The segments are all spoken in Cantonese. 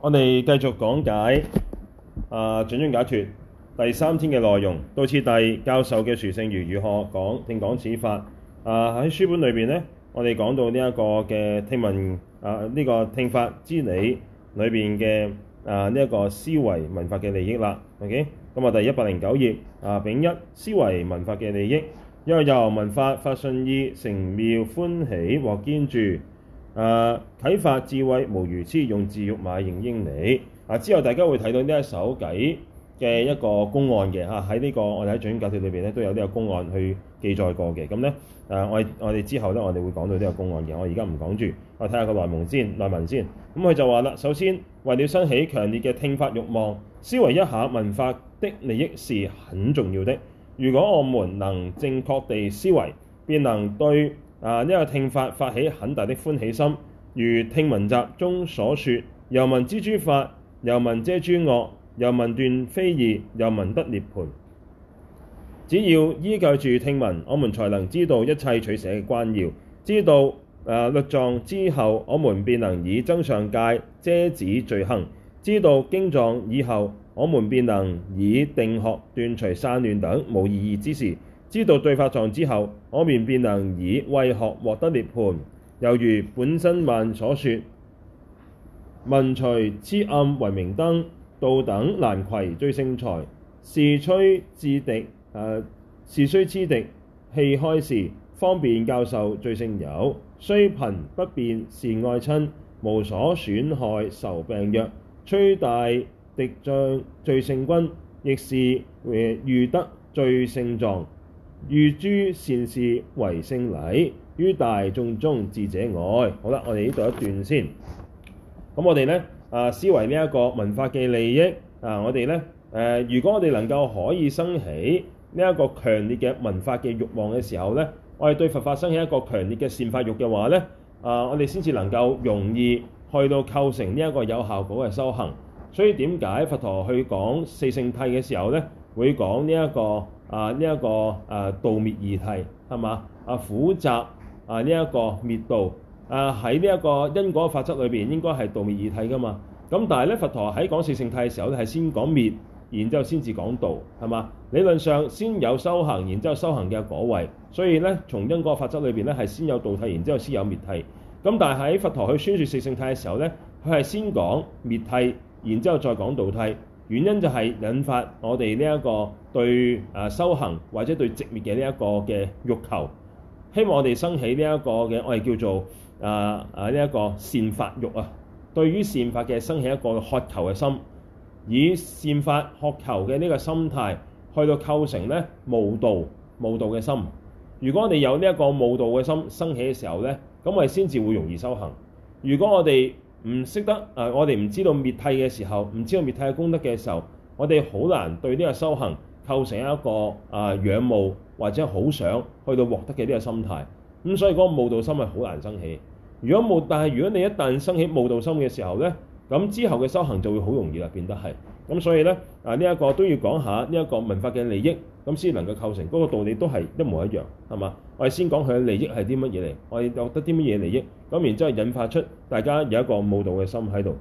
我哋繼續講解啊，掌中解脫第三天嘅內容。道次第教授嘅殊勝如如何講聽講此法啊？喺書本裏邊咧，我哋講到呢一個嘅聽聞啊，呢、這個聽法之理裏邊嘅啊呢一、這個思維聞法嘅利益啦。OK，咁、嗯、啊，第一百零九頁啊，丙一思維聞法嘅利益，因為由聞法發信意成妙歡喜，獲堅住。誒、啊、啟發智慧無如痴用智欲買盈英你啊！之後大家會睇到呢一首偈嘅一個公案嘅嚇，喺、啊、呢、這個我哋喺《準教解説》裏邊咧都有呢個公案去記載過嘅。咁咧誒，我哋我哋之後咧我哋會講到呢個公案嘅，我而家唔講住，我睇下個內蒙先，內文先。咁、嗯、佢就話啦，首先為了生起強烈嘅聽法慾望，思維一下聞法的利益是很重要的。如果我們能正確地思維，便能對。啊！一、呢個聽法發起很大的歡喜心，如聽聞集中所說，由聞知諸法，由聞遮諸惡，由聞斷非義，由聞得涅槃。只要依靠住聽聞，我們才能知道一切取捨嘅關要，知道誒、呃、律藏之後，我們便能以增上戒遮止罪行；知道經藏以後，我們便能以定學斷除散亂等無意義之事。知道對法藏之後，我們便能以慧學獲得涅槃。又如本生鬘所說，聞除癡暗為明燈，盜等難攜最勝財，是摧癡敵是摧、啊、癡敵器開示，方便教授最勝友，雖貧不變是愛親，無所損害愁病藥，摧大敵將最勝軍，亦是譽德最勝藏，遇諸善士為勝禮，於大眾中智者愛。好啦，我哋呢度一段先。咁我哋呢，啊，思維呢一個聞法嘅利益啊，我哋呢，誒、啊，如果我哋能夠可以生起呢一個強烈嘅聞法嘅慾望嘅時候呢，我哋對佛法生起一個強烈嘅善法欲嘅話呢，啊，我哋先至能夠容易去到構成呢一個有效果嘅修行。所以點解佛陀去講四聖諦嘅時候呢，會講呢、這、一個？啊呢一、這個誒、啊、道滅二諦係嘛？啊苦集啊呢一、這個滅道啊喺呢一個因果法則裏邊應該係道滅二諦㗎嘛？咁但係咧佛陀喺講四聖諦嘅時候咧係先講滅，然之後先至講道係嘛？理論上先有修行，然之後修行嘅果位，所以咧從因果法則裏邊咧係先有道諦，然之後先有滅諦。咁但係喺佛陀去宣説四聖諦嘅時候咧，佢係先講滅諦，然之後再講道諦。原因就係引發我哋呢一個對啊修行或者對寂滅嘅呢一個嘅欲求，希望我哋生起呢一個嘅我哋叫做啊啊呢一個善法欲啊，對於善法嘅生起一個渴求嘅心，以善法渴求嘅呢個心態去到構成咧無道無道嘅心。如果我哋有呢一個無道嘅心生起嘅時候咧，咁我哋先至會容易修行。如果我哋唔識得啊我哋唔知道滅諦嘅時候，唔知道滅諦嘅功德嘅時候，我哋好難對呢個修行構成一個啊仰慕或者好想去到獲得嘅呢個心態。咁所以嗰個慕道心係好難生起。如果慕，但係如果你一旦生起慕道心嘅時候咧，咁之後嘅修行就會好容易啦變得係。咁所以咧啊呢一個都要講下呢一個聞法嘅利益。咁先能夠構成嗰個道理都係一模一樣，係嘛？我哋先講佢嘅利益係啲乜嘢嚟，我哋獲得啲乜嘢利益，咁然之後引發出大家有一個舞蹈嘅心喺度。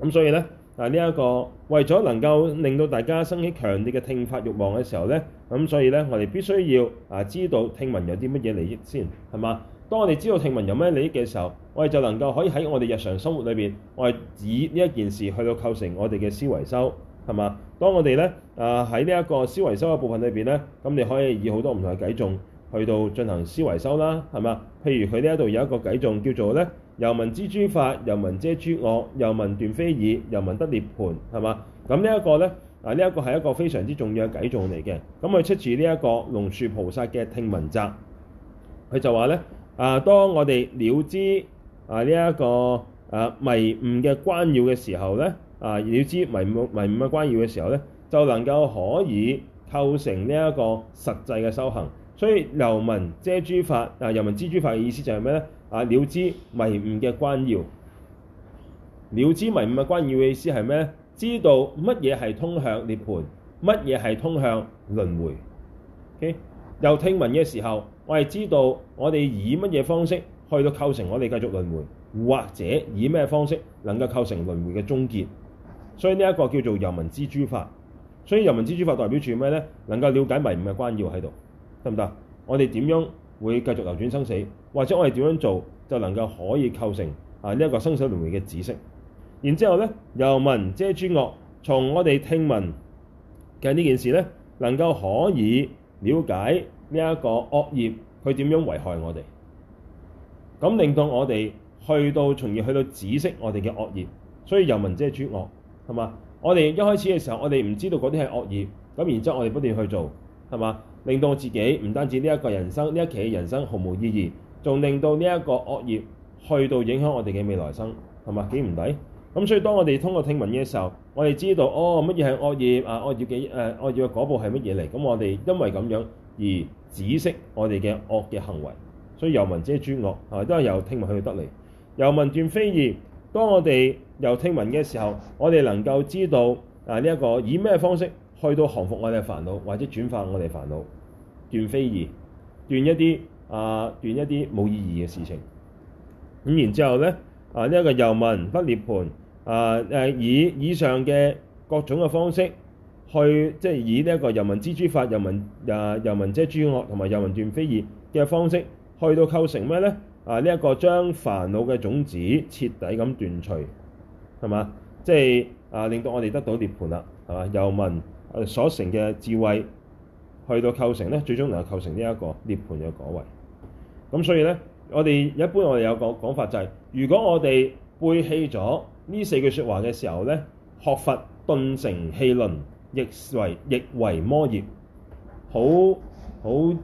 咁所以呢，嗱呢一個為咗能夠令到大家生起強烈嘅聽法慾望嘅時候呢，咁所以呢，我哋必須要啊知道聽聞有啲乜嘢利益先，係嘛？當我哋知道聽聞有咩利益嘅時候，我哋就能夠可以喺我哋日常生活裏邊，我係以呢一件事去到構成我哋嘅思維修。係嘛？當我哋咧啊喺呢一，呃、個思維修嘅部分裏邊咧，咁你可以以好多唔同嘅偈頌去到進行思維修啦，係嘛？譬如佢呢一度有一個偈頌叫做咧，由聞知諸法，由聞遮諸惡，由聞斷非義，由聞得涅槃，係嘛？咁呢一，啊這個咧，嗱呢一個係一個非常之重要嘅偈頌嚟嘅。咁佢出自呢一個龍樹菩薩嘅聽聞集，佢就話咧啊，當我哋了知啊呢一，這個啊迷誤嘅關要嘅時候咧。啊！了知迷悟、迷悟嘅關要嘅時候咧，就能夠可以構成呢一個實際嘅修行。所以由聞知諸法啊，由聞知諸法嘅意思就係咩咧？啊，了知迷悟嘅關要，了知迷悟嘅關要嘅意思係咩咧？知道乜嘢係通向涅槃，乜嘢係通向輪迴。Okay? 又聽聞嘅時候，我係知道我哋以乜嘢方式去到構成我哋繼續輪迴，或者以咩方式能夠構成輪迴嘅終結。所以呢一個叫做由聞知諸法，所以由聞知諸法代表住咩呢？能夠了解迷悟嘅關要喺度，得唔得？我哋點樣會繼續流轉生死，或者我哋點樣做，就能夠可以構成啊呢一個生死輪迴嘅紫色。然之後呢，由聞遮諸惡，從我哋聽聞嘅呢件事呢，能夠可以了解呢一個惡業佢點樣危害我哋，咁令到我哋去到從而去到紫色我哋嘅惡業。所以由聞遮諸惡。係嘛？我哋一開始嘅時候，我哋唔知道嗰啲係惡業，咁然之後我哋不斷去做，係嘛？令到自己唔單止呢一個人生，呢一期嘅人生毫無意義，仲令到呢一個惡業去到影響我哋嘅未來生，係嘛？幾唔抵？咁所以當我哋通過聽聞嘅時候，我哋知道哦乜嘢係惡業啊？惡業嘅誒惡業嘅果報係乜嘢嚟？咁我哋因為咁樣而止息我哋嘅惡嘅行為，所以由聞遮諸惡係咪？都、啊、係由聽聞去，去得嚟，由聞斷非義。當我哋由聽聞嘅時候，我哋能夠知道啊呢一、這個以咩方式去到降服我哋嘅煩惱，或者轉化我哋煩惱、斷非義、斷一啲啊斷一啲冇意義嘅事情。咁然之後咧啊呢一、這個由聞不涅槃啊誒、啊、以以上嘅各種嘅方式去即係、就是、以呢一個由聞知諸法、由聞啊由聞遮諸惡同埋由聞斷非義嘅方式去到構成咩咧啊呢一、這個將煩惱嘅種子徹底咁斷除。係嘛？即係啊，令到我哋得到涅槃啦，係嘛？由聞誒所成嘅智慧，去到構成咧，最終能夠構成呢、這、一個涅槃嘅果位。咁所以咧，我哋一般我哋有個講法就係、是，如果我哋背棄咗呢四句説話嘅時候咧，學佛頓成戲論，亦為亦為魔業，好好誒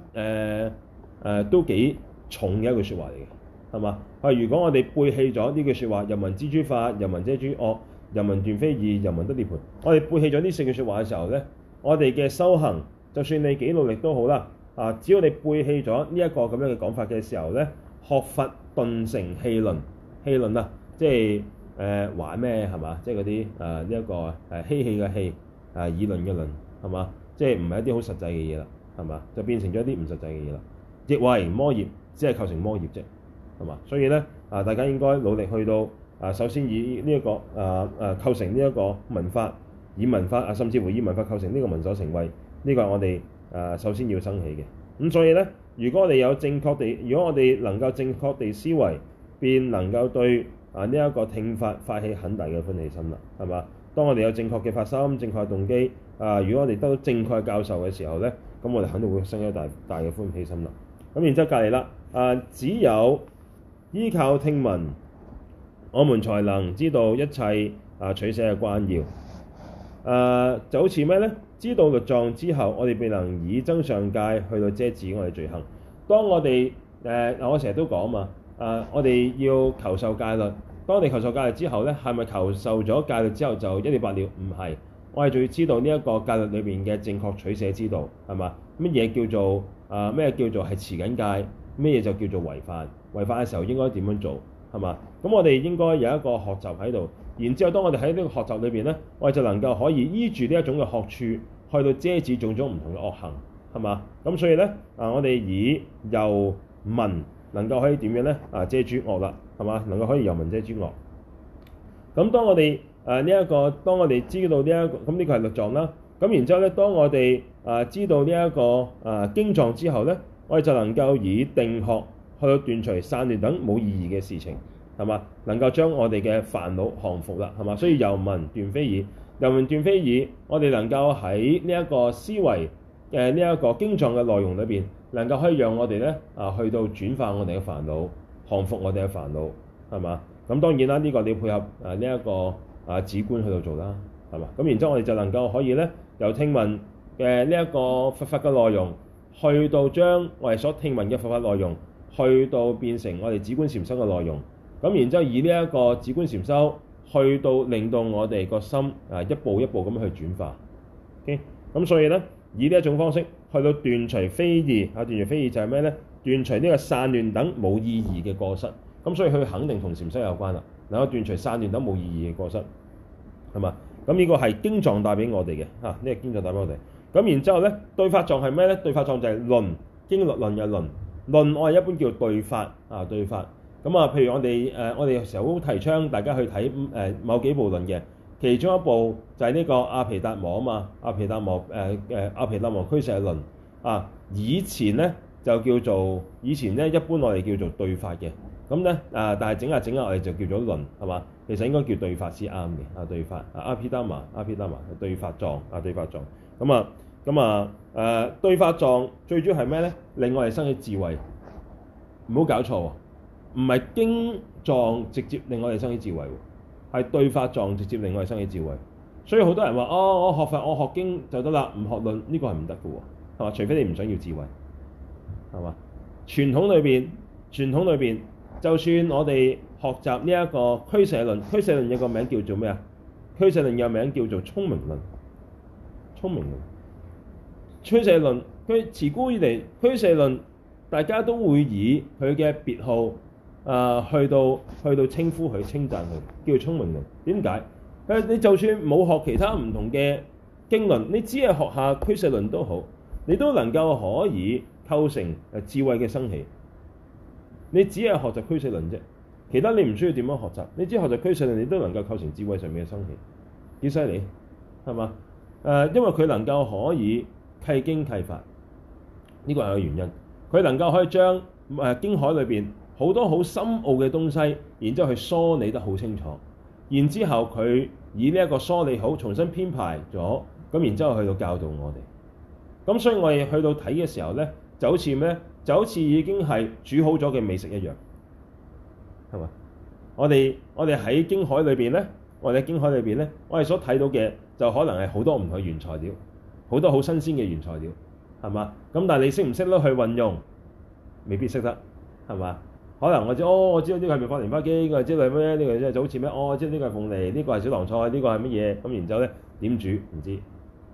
誒都幾重嘅一句説話嚟嘅。係嘛？啊！如果我哋背棄咗呢句説話，由聞知諸法，由聞遮堵惡，由聞斷非義，由聞得涅槃。我哋背棄咗呢四句説話嘅時候咧，我哋嘅修行，就算你幾努力都好啦。啊！只要你背棄咗呢一個咁樣嘅講法嘅時候咧，學佛頓成戲論，戲論啊，即係誒、呃、玩咩，係嘛？即係嗰啲啊呢一個係嬉戲嘅戲啊，議論嘅論，係嘛？即係唔係一啲好實際嘅嘢啦，係嘛？就變成咗一啲唔實際嘅嘢啦，亦為魔業只係構成魔業啫。係嘛？所以咧，啊，大家應該努力去到啊，首先以呢、這、一個啊啊構成呢一個聞法，以聞法啊，甚至乎以聞法構成呢個聞所成慧，呢、這個係我哋啊首先要生起嘅。咁所以咧，如果我哋有正確地，如果我哋能夠正確地思維，便能夠對啊呢一、這個聽法發起很大嘅歡喜心啦。係嘛？當我哋有正確嘅發心、正確嘅動機啊，如果我哋得到正確嘅教授嘅時候咧，咁我哋肯定會生一大大嘅歡喜心啦。咁然之後隔離啦，啊只有。依靠聽聞，我們才能知道一切啊取捨嘅關要。誒、呃、就好似咩呢？知道律藏之後，我哋便能以增上戒去到遮止我哋罪行。當我哋誒、呃、我成日都講嘛。誒、呃、我哋要求受戒律。當你求受戒律之後呢，係咪求受咗戒律之後就一了百了？唔係，我哋仲要知道呢一個戒律裏面嘅正確取捨之道，係嘛？乜嘢叫做誒咩、呃、叫做係持緊戒？乜嘢就叫做違犯？違法嘅時候應該點樣做係嘛？咁我哋應該有一個學習喺度，然之後當我哋喺呢個學習裏邊咧，我哋就能夠可以依住呢一種嘅學處去到遮止種種唔同嘅惡行係嘛？咁所以咧啊，我哋以由聞能夠可以點樣咧啊遮住惡啦係嘛？能夠可以由聞遮住惡。咁當我哋誒呢一個當我哋知道呢一個咁呢個係律藏啦，咁然之後咧，當我哋誒知道呢一個誒經藏之後咧，我哋就能夠以定學。去到斷除散亂等冇意義嘅事情係嘛？能夠將我哋嘅煩惱降服啦係嘛，所以由聞斷非義，由聞斷非義，我哋能夠喺呢一個思維誒呢一個經藏嘅內容裏邊，能夠可以讓我哋咧啊去到轉化我哋嘅煩惱，降服我哋嘅煩惱係嘛。咁當然啦，呢個你要配合誒呢一個啊止觀去到做啦係嘛。咁然之後我哋就能夠可以咧由聽聞嘅呢一個佛法嘅內容，去到將我哋所聽聞嘅佛法內容。去到變成我哋止觀禪修嘅內容，咁然之後以呢一個止觀禪修去到令到我哋個心啊一步一步咁去轉化，OK，咁所以咧以呢一種方式去到斷除非義，啊斷除非義就係咩咧？斷除呢個散亂等冇意義嘅過失，咁所以佢肯定同禪修有關啦。嗱，我斷除散亂等冇意義嘅過失，係嘛？咁、啊、呢個係經藏帶俾我哋嘅，嚇呢個經藏帶俾我哋。咁然之後咧對法藏係咩咧？對法藏就係論，經律論嘅論。論我哋一般叫對法啊，對法咁啊，譬如我哋誒、啊、我哋有時候好提倡大家去睇誒、啊、某幾部論嘅，其中一部就係呢個阿皮達摩啊嘛，阿、啊、皮達摩誒誒阿皮達摩俱舍論啊，以前咧就叫做以前咧一般我哋叫做對法嘅，咁咧啊但係整下整下我哋就叫做論係嘛？其實應該叫對法先啱嘅啊，對法阿、啊啊、皮達摩阿、啊、皮達摩、啊啊、對法藏啊，對法藏咁啊咁啊誒、uh, 對法藏最主要係咩咧？令我哋生起智慧，唔好搞錯喎、啊，唔係經藏直接令我哋生起智慧喎，係對法藏直接令我哋生起智慧。所以好多人話：哦，我學法、我學經就得啦，唔學論呢、這個係唔得嘅喎，係嘛？除非你唔想要智慧，係嘛？傳統裏邊，傳統裏邊，就算我哋學習呢一個俱舍論，俱舍論有個名叫做咩啊？俱舍論有個名叫做聰明論，聰明論。俱舍論，佢自古以嚟俱舍論，大家都會以佢嘅別號啊、呃、去到去到稱呼佢、稱讚佢，叫佢聰明論。點解？佢你就算冇學其他唔同嘅經論，你只係學下俱舍論都好，你都能夠可以構成誒智慧嘅生起。你只係學習俱舍論啫，其他你唔需要點樣學習。你只學習俱舍論，你都能夠構成智慧上面嘅生起，幾犀利係嘛？誒、呃，因為佢能夠可以。契經契法呢個係個原因，佢能夠可以將誒經海裏邊好多好深奧嘅東西，然之後去梳理得好清楚，然之後佢以呢一個梳理好，重新編排咗，咁然之後去到教導我哋。咁所以我哋去到睇嘅時候咧，就好似咩？就好似已經係煮好咗嘅美食一樣，係嘛？我哋我哋喺經海裏邊咧，我哋喺經海裏邊咧，我哋所睇到嘅就可能係好多唔同嘅原材料。好多好新鮮嘅原材料，係嘛？咁但係你識唔識得去運用？未必識得，係嘛？可能我知，哦，我知道呢個係咪放蓮花機呢，知道咩？呢、呢個即係就好似咩？哦，即係呢個鳳梨，呢個係小棠菜，呢個係乜嘢？咁然之後咧點煮唔知，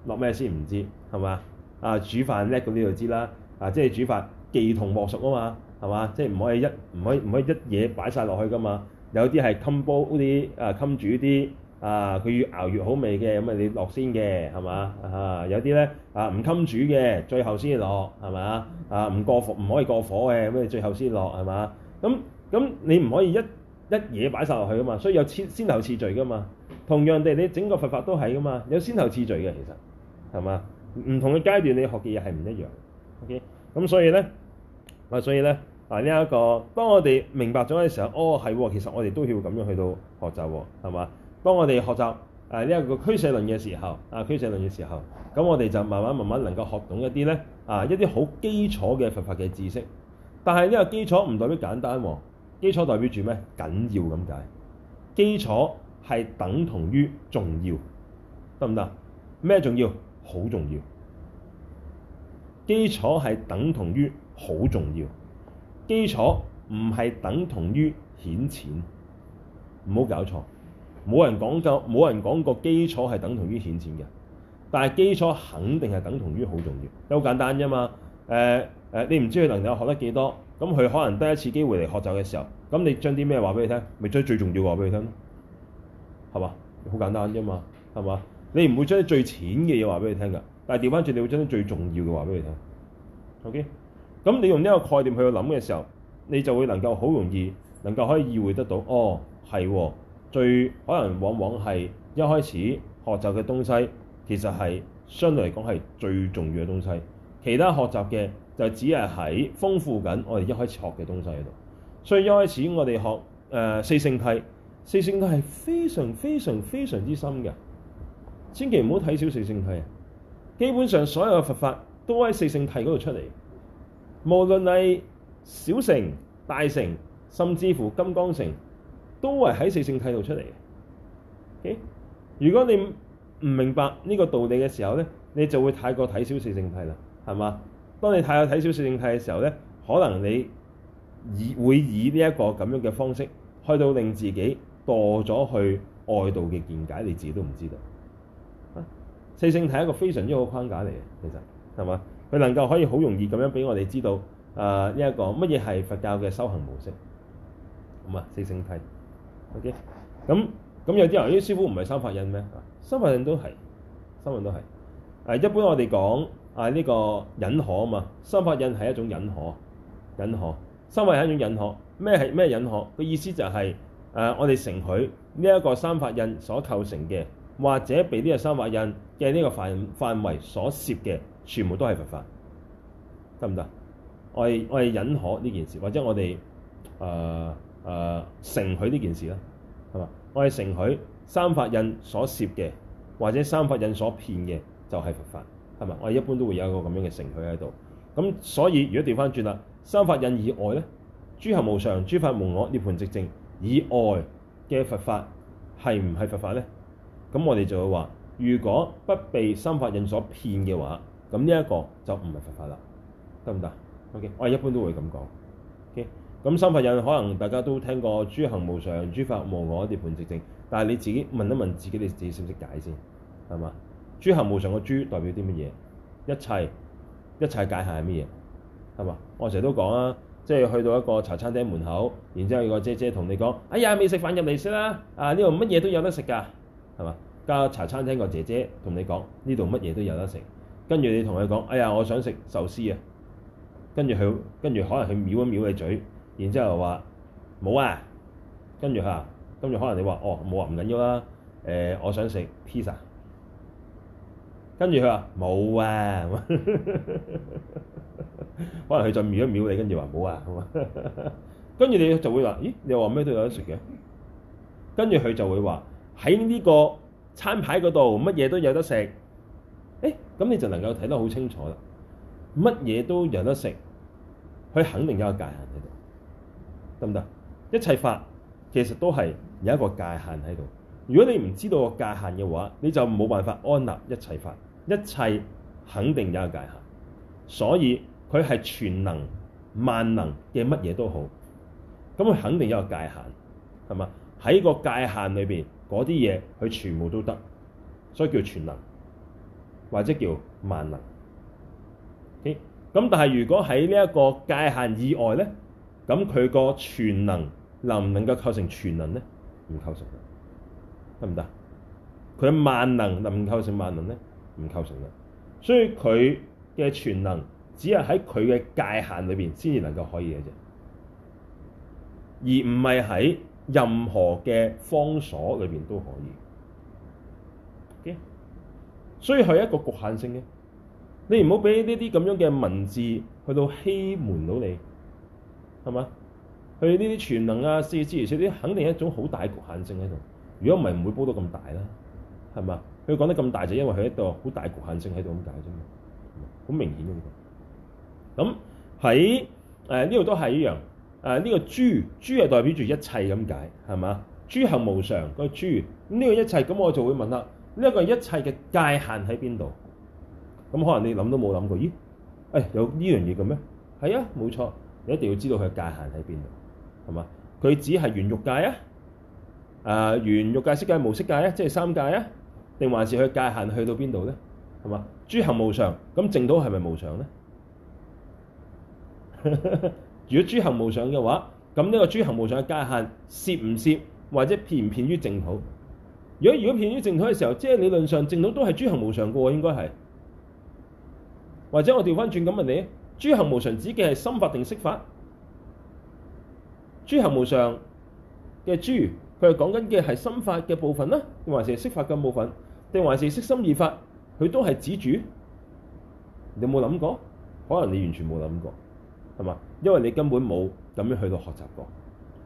落咩先唔知，係嘛？啊，煮飯叻，咁你就知啦。啊，即係煮飯忌同莫熟啊嘛，係嘛？即係唔可以一唔可以唔可以一嘢擺晒落去㗎嘛。有啲係冚煲啲，啊冚煮啲。啊！佢越熬越好味嘅，咁、嗯、啊你落先嘅，係嘛？啊，有啲咧啊唔襟煮嘅，最後先落，係嘛？啊，唔過火唔可以過火嘅，咁你最後先落，係嘛？咁、嗯、咁、嗯、你唔可以一一嘢擺晒落去噶嘛，所以有先先後次序噶嘛。同樣地，你整個佛法都係噶嘛，有先後次序嘅其實係嘛？唔同嘅階段你學嘅嘢係唔一樣。OK，咁所以咧啊，所以咧啊呢一、這個，當我哋明白咗嘅時候，哦係喎，其實我哋都要咁樣去到學習喎，係嘛？當我哋學習誒呢一個俱舍論嘅時候，啊俱舍論嘅時候，咁我哋就慢慢慢慢能夠學懂一啲咧，啊一啲好基礎嘅佛法嘅知識。但係呢個基礎唔代表簡單喎，基礎代表住咩？緊要咁解。基礎係等同於重要，得唔得？咩重要？好重要。基礎係等同於好重要，基礎唔係等同於顯淺，唔好搞錯。冇人講，就冇人講個基礎係等同於顯淺嘅，但係基礎肯定係等同於好重要。你好簡單啫嘛。誒、呃、誒、呃，你唔知佢能夠學得幾多，咁佢可能得一次機會嚟學習嘅時候，咁你將啲咩話俾佢聽，咪、就是、將，將最重要話俾佢聽咯，係嘛？好簡單啫嘛，係嘛？你唔會將啲最淺嘅嘢話俾佢聽㗎，但係調翻轉，你會將啲最重要嘅話俾佢聽。OK，咁你用呢個概念去諗嘅時候，你就會能夠好容易，能夠可以意會得到。哦，係喎。最可能往往係一開始學習嘅東西，其實係相對嚟講係最重要嘅東西。其他學習嘅就只係喺豐富緊我哋一開始學嘅東西嗰度。所以一開始我哋學誒四聖諦，四聖諦係非常非常非常之深嘅，千祈唔好睇小四聖諦啊！基本上所有嘅佛法都喺四聖諦嗰度出嚟，無論係小乘、大乘，甚至乎金剛乘。都係喺四聖諦度出嚟嘅。Okay? 如果你唔明白呢個道理嘅時候呢，你就會太過睇小四聖諦啦，係嘛？當你太過睇小四聖諦嘅時候呢，可能你以會以呢一個咁樣嘅方式，去到令自己墮咗去外道嘅見解，你自己都唔知道。啊、四聖諦係一個非常之好框架嚟嘅，其實係嘛？佢能夠可以好容易咁樣俾我哋知道，誒呢一個乜嘢係佛教嘅修行模式，咁啊四聖諦。O.K. 咁咁有啲人啲師傅唔係三法印咩？三法印都係，三法印都係。誒，一般我哋講誒呢個忍可啊嘛，三法印係一種忍可，忍可，三法係一種忍可。咩係咩忍可？個意思就係、是、誒、呃，我哋承許呢一個三法印所構成嘅，或者被呢個三法印嘅呢個範範圍所涉嘅，全部都係佛法，得唔得？我哋我哋忍可呢件事，或者我哋誒。呃誒、呃、承許呢件事啦，係嘛？我係承許三法印所攝嘅，或者三法印所騙嘅就係、是、佛法，係嘛？我一般都會有一個咁樣嘅承許喺度。咁所以如果調翻轉啦，三法印以外咧，諸行無常、諸法無我、涅槃直證以外嘅佛法係唔係佛法咧？咁我哋就會話，如果不被三法印所騙嘅話，咁呢一個就唔係佛法啦，得唔得？OK，我一般都會咁講。咁三法印可能大家都聽過，諸行無常，諸法無我，涅槃寂靜。但係你自己問一問自己，你自己識唔識解先，係嘛？諸行無常個諸代表啲乜嘢？一切一切界限係咩嘢？係嘛？我成日都講啊，即係去到一個茶餐廳門口，然之後有個姐姐同你講：哎呀，未食飯入嚟先啦，啊呢度乜嘢都有得食㗎，係嘛？加茶餐廳個姐姐同你講：呢度乜嘢都有得食。跟住你同佢講：哎呀，我想食壽司啊。跟住佢，跟住可能佢瞄一瞄你嘴。然之後又話冇啊，跟住佢話，跟住可能你話哦冇啊唔緊要啦，誒、呃、我想食 pizza，跟住佢話冇啊哈哈，可能佢就瞄一瞄你，跟住話冇啊，跟住你就會話咦你話咩都有得食嘅，跟住佢就會話喺呢個餐牌嗰度乜嘢都有得食，誒咁你就能夠睇得好清楚啦，乜嘢都有得食，佢肯定有個界限嘅。得唔得？一切法其實都係有一個界限喺度。如果你唔知道個界限嘅話，你就冇辦法安納一切法。一切肯定有一個界限，所以佢係全能萬能嘅乜嘢都好。咁佢肯定有一個界限，係嘛？喺個界限裏面嗰啲嘢，佢全部都得，所以叫全能或者叫萬能。咁但係如果喺呢一個界限以外咧？咁佢個全能能唔能夠構成全能咧？唔構成，得唔得？佢萬能能唔構成萬能咧？唔構成啦。所以佢嘅全能只係喺佢嘅界限裏邊先至能夠可以嘅啫，而唔係喺任何嘅方所裏邊都可以。嘅。Okay？所以係一個局限性嘅。你唔好俾呢啲咁樣嘅文字去到欺瞞到你。係嘛？佢呢啲全能啊、四肢如是啲，肯定係一種好大局限性喺度。如果唔係，唔會煲到咁大啦。係嘛？佢講得咁大就因為佢一個好大局限性喺度咁解啫嘛。好明顯嘅咁。喺誒呢度都係一樣。誒、呃、呢、呢個豬豬係代表住一切咁解，係嘛？諸行無常個豬。呢個一切咁，咁我就會問啦：呢一個一切嘅界限喺邊度？咁可能你諗都冇諗過？咦？誒、哎、有呢樣嘢嘅咩？係啊，冇錯。你一定要知道佢嘅界限喺邊度，係嘛？佢只係元欲界啊，誒圓欲界色界無色界啊，即係三界啊，定還是佢界限去到邊度咧？係嘛？諸行無常，咁淨土係咪無常咧？ 如果諸行無常嘅話，咁呢個諸行無常嘅界限涉唔涉或者偏唔偏於淨土？如果如果偏於淨土嘅時候，即係理論上淨土都係諸行無常嘅喎，應該係，或者我調翻轉咁問你？諸行無常指嘅係心法定色法？諸行無常嘅諸，佢係講緊嘅係心法嘅部分啦，定還是色法嘅部分，定還是色心二法，佢都係指住。你有冇諗過？可能你完全冇諗過，係嘛？因為你根本冇咁樣去到學習過，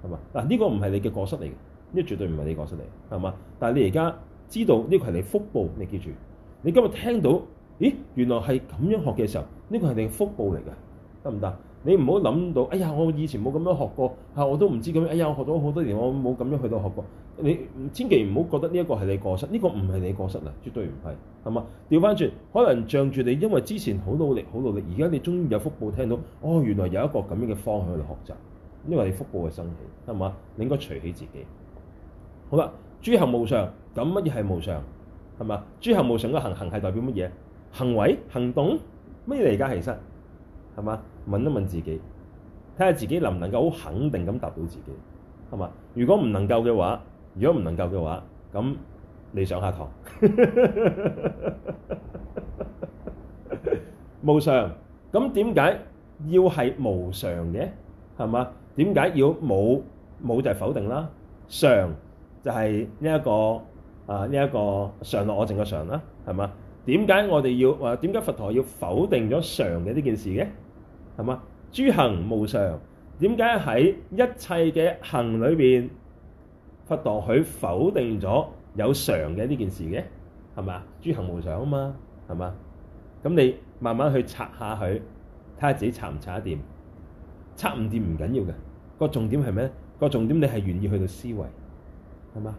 係嘛？嗱，呢個唔係你嘅過失嚟嘅，呢個絕對唔係你過失嚟，係嘛？但係你而家知道呢、這個係你福報，你記住，你今日聽到。咦，原來係咁樣學嘅時候，呢個係你嘅福報嚟嘅，得唔得？你唔好諗到，哎呀，我以前冇咁樣學過，嚇我都唔知咁樣。哎呀，我學咗好多年，我冇咁樣去到學過。你千祈唔好覺得呢一個係你過失，呢個唔係你過失啊，絕對唔係，係嘛？調翻轉，可能仗住你因為之前好努力、好努力，而家你終於有福報聽到，哦，原來有一個咁樣嘅方向去學習。呢個係你福報嘅生起，係嘛？你應該隨起自己。好啦，諸行無常，咁乜嘢係無常？係嘛？諸行無常嘅行行係代表乜嘢？行為行動咩嚟噶？其實係嘛？問一問自己，睇下自己能唔能夠好肯定咁答到自己，係嘛？如果唔能夠嘅話，如果唔能夠嘅話，咁你上下堂 無常。咁點解要係無常嘅？係嘛？點解要冇冇就係否定啦？常就係呢一個啊呢一個常樂我淨嘅常啦，係嘛？點解我哋要話點解佛陀要否定咗常嘅呢件事嘅？係嘛？諸行無常，點解喺一切嘅行裏邊，佛陀佢否定咗有常嘅呢件事嘅？係咪啊？諸行無常啊嘛，係嘛？咁你慢慢去拆下佢，睇下自己查唔查得掂？拆唔掂唔緊要嘅，個重點係咩咧？個重點你係願意去到思維，係嘛？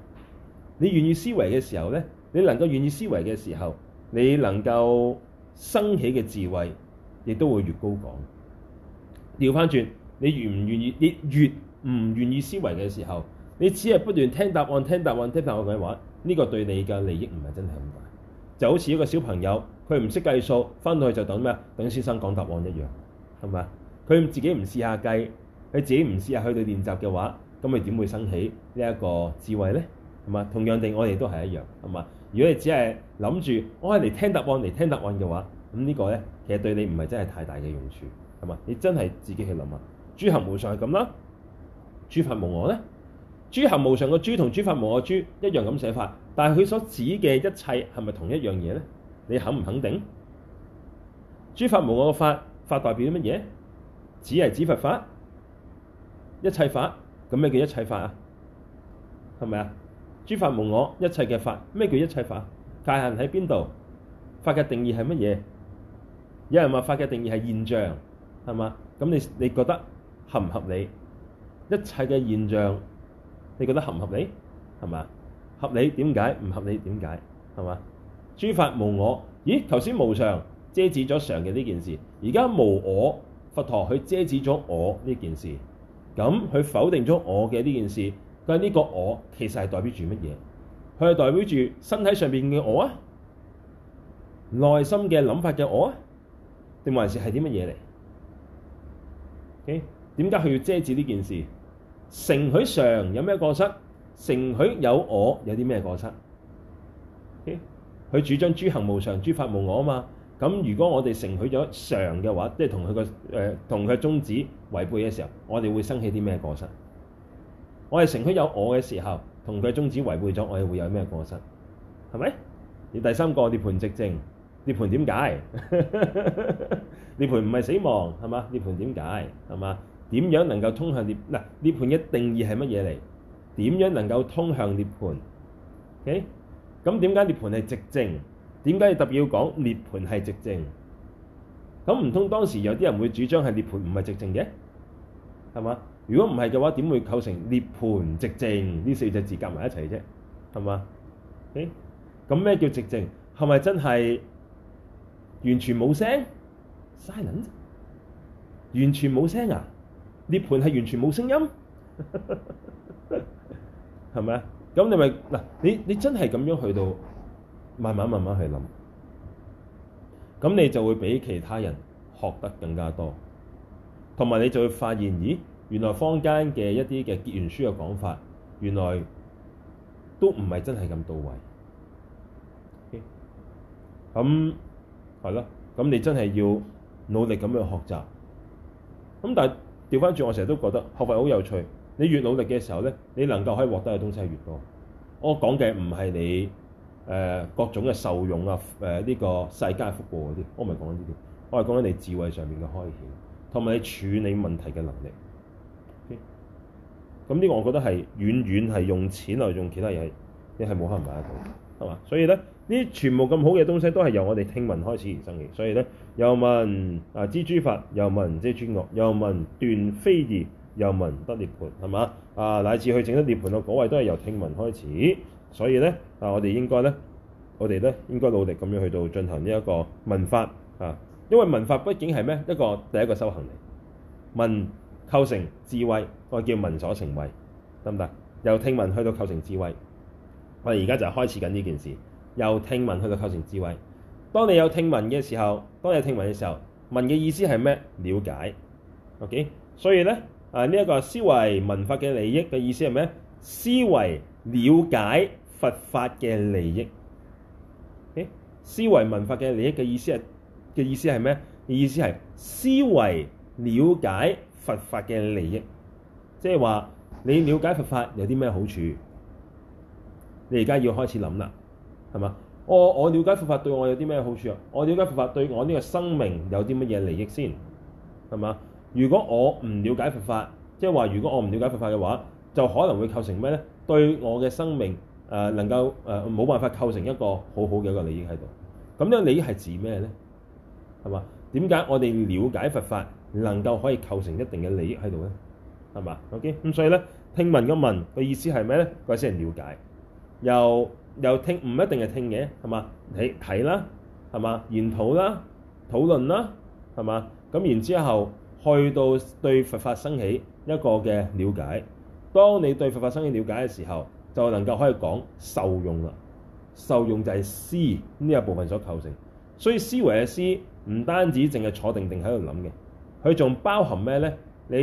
你願意思維嘅時候咧，你能夠願意思維嘅時候。你能夠生起嘅智慧，亦都會越高講。調翻轉，你願唔願意？你越唔願意思維嘅時候，你只係不斷聽答案、聽答案、聽答案咁樣話，呢個對你嘅利益唔係真係咁大。就好似一個小朋友，佢唔識計數，翻到去就等咩？等先生講答案一樣，係咪？佢自己唔試下計，佢自己唔試下去到練習嘅話，咁你點會生起呢一個智慧咧？係嘛？同樣地，我哋都係一樣，係嘛？如果你只係諗住我係嚟聽答案嚟聽答案嘅話，咁呢個咧其實對你唔係真係太大嘅用處，係咪？你真係自己去諗啊！諸行無常係咁啦，諸法無我呢？諸行無常嘅諸同諸法無我嘅諸一樣咁寫法，但係佢所指嘅一切係咪同一樣嘢咧？你肯唔肯定？諸法無我嘅法，法代表啲乜嘢？指係指佛法，一切法，咁咩叫一切法啊？係咪啊？諸法無我，一切嘅法，咩叫一切法？界限喺邊度？法嘅定義係乜嘢？有人話法嘅定義係現象，係嘛？咁你你覺得合唔合理？一切嘅現象，你覺得合唔合理？係嘛？合理點解？唔合理點解？係嘛？諸法無我，咦？頭先無常遮止咗常嘅呢件事，而家無我，佛陀佢遮止咗我呢件事，咁佢否定咗我嘅呢件事。但係呢個我其實係代表住乜嘢？佢係代表住身體上邊嘅我啊，內心嘅諗法嘅我啊，定還是係啲乜嘢嚟？點解佢要遮止呢件事？承許常有咩過失？承許有我有啲咩過失？佢、okay? 主張諸行無常，諸法無我啊嘛。咁如果我哋承許咗常嘅話，即係同佢個誒同佢嘅宗旨違背嘅時候，我哋會生起啲咩過失？我係城區有我嘅時候，同佢宗旨違背咗，我係會有咩過失？係咪？你第三個涅槃寂靜，涅槃點解？涅 槃唔係死亡係嘛？涅槃點解係嘛？點樣能夠通向涅嗱？涅槃嘅定義係乜嘢嚟？點樣能夠通向涅槃？OK，咁點解涅槃係寂靜？點解特別要講涅槃係寂靜？咁唔通當時有啲人會主張係涅槃唔係寂靜嘅係嘛？如果唔係嘅話，點會構成涅槃寂靜呢四隻字夾埋一齊啫？係嘛？誒咁咩叫寂靜？係咪真係完全冇聲？silence，完全冇聲啊！涅槃係完全冇聲音，係咪啊？咁 你咪嗱，你你真係咁樣去到慢慢慢慢去諗，咁你就會比其他人學得更加多，同埋你就會發現，咦？原來坊間嘅一啲嘅結緣書嘅講法，原來都唔係真係咁到位。咁係咯，咁、嗯、你真係要努力咁樣學習。咁、嗯、但係調翻轉，我成日都覺得學費好有趣。你越努力嘅時候咧，你能夠可以獲得嘅東西越多。我講嘅唔係你誒、呃、各種嘅受用啊，誒、呃、呢、這個世界嘅福報嗰啲，我唔係講緊呢啲。我係講緊你智慧上面嘅開顯，同埋你處理問題嘅能力。咁、這、呢個我覺得係遠遠係用錢來用其他嘢，你係冇可能買得到，係嘛？所以咧，呢全部咁好嘅東西都係由我哋聽聞開始而生嘅。所以咧，由聞啊知諸法，由聞即係遮堵惡，由聞斷非義，由聞得涅盤，係嘛？啊，乃至去整得涅盤咯，嗰位都係由聽聞開始。所以咧，啊，我哋應該咧，我哋咧應該努力咁樣去到進行呢一個聞法啊，因為聞法畢竟係咩一個第一個修行嚟聞。構成智慧，我叫聞所成慧，得唔得？由聽聞去到構成智慧，我哋而家就開始緊呢件事。由聽聞去到構成智慧，當你有聽聞嘅時候，當你有聽聞嘅時候，聞嘅意思係咩？了解 OK，所以咧啊，呢、這、一個思維聞法嘅利益嘅意思係咩？思維了解佛法嘅利益。誒、okay？思維聞法嘅利益嘅意思係嘅意思係咩？意思係思維了解。佛法嘅利益，即係話你了解佛法有啲咩好處？你而家要開始諗啦，係嘛？我我了解佛法對我有啲咩好處啊？我了解佛法對我呢個生命有啲乜嘢利益先？係嘛？如果我唔了解佛法，即係話如果我唔了解佛法嘅話，就可能會構成咩咧？對我嘅生命誒、呃，能夠誒冇辦法構成一個好好嘅一個利益喺度。咁樣利益係指咩咧？係嘛？點解我哋了解佛法？能夠可以構成一定嘅利益喺度咧，係嘛？OK 咁所以咧，聽聞嘅聞嘅意思係咩咧？首先係了解，又又聽唔一定係聽嘅，係嘛？睇睇啦，係嘛？研討啦，討論啦，係嘛？咁然之後去到對佛法生起一個嘅了解。當你對佛法生起了解嘅時候，就能夠可以講受用啦。受用就係思呢一、這個、部分所構成，所以思維嘅思唔單止淨係坐定定喺度諗嘅。佢仲包含咩咧？你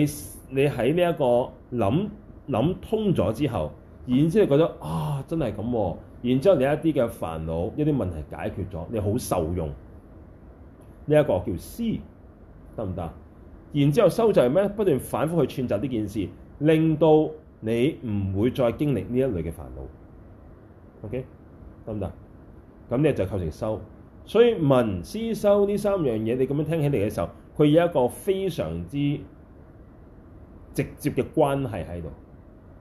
你喺呢一個諗諗通咗之後，然之後覺得啊，真係咁、啊。然之後你一啲嘅煩惱、一啲問題解決咗，你好受用呢一、這個叫思，得唔得？然之後修就係咩？不斷反覆去串集呢件事，令到你唔會再經歷呢一類嘅煩惱。OK 得唔得？咁咧就構成修。所以文思修呢三樣嘢，你咁樣聽起嚟嘅時候。佢有一個非常之直接嘅關係喺度，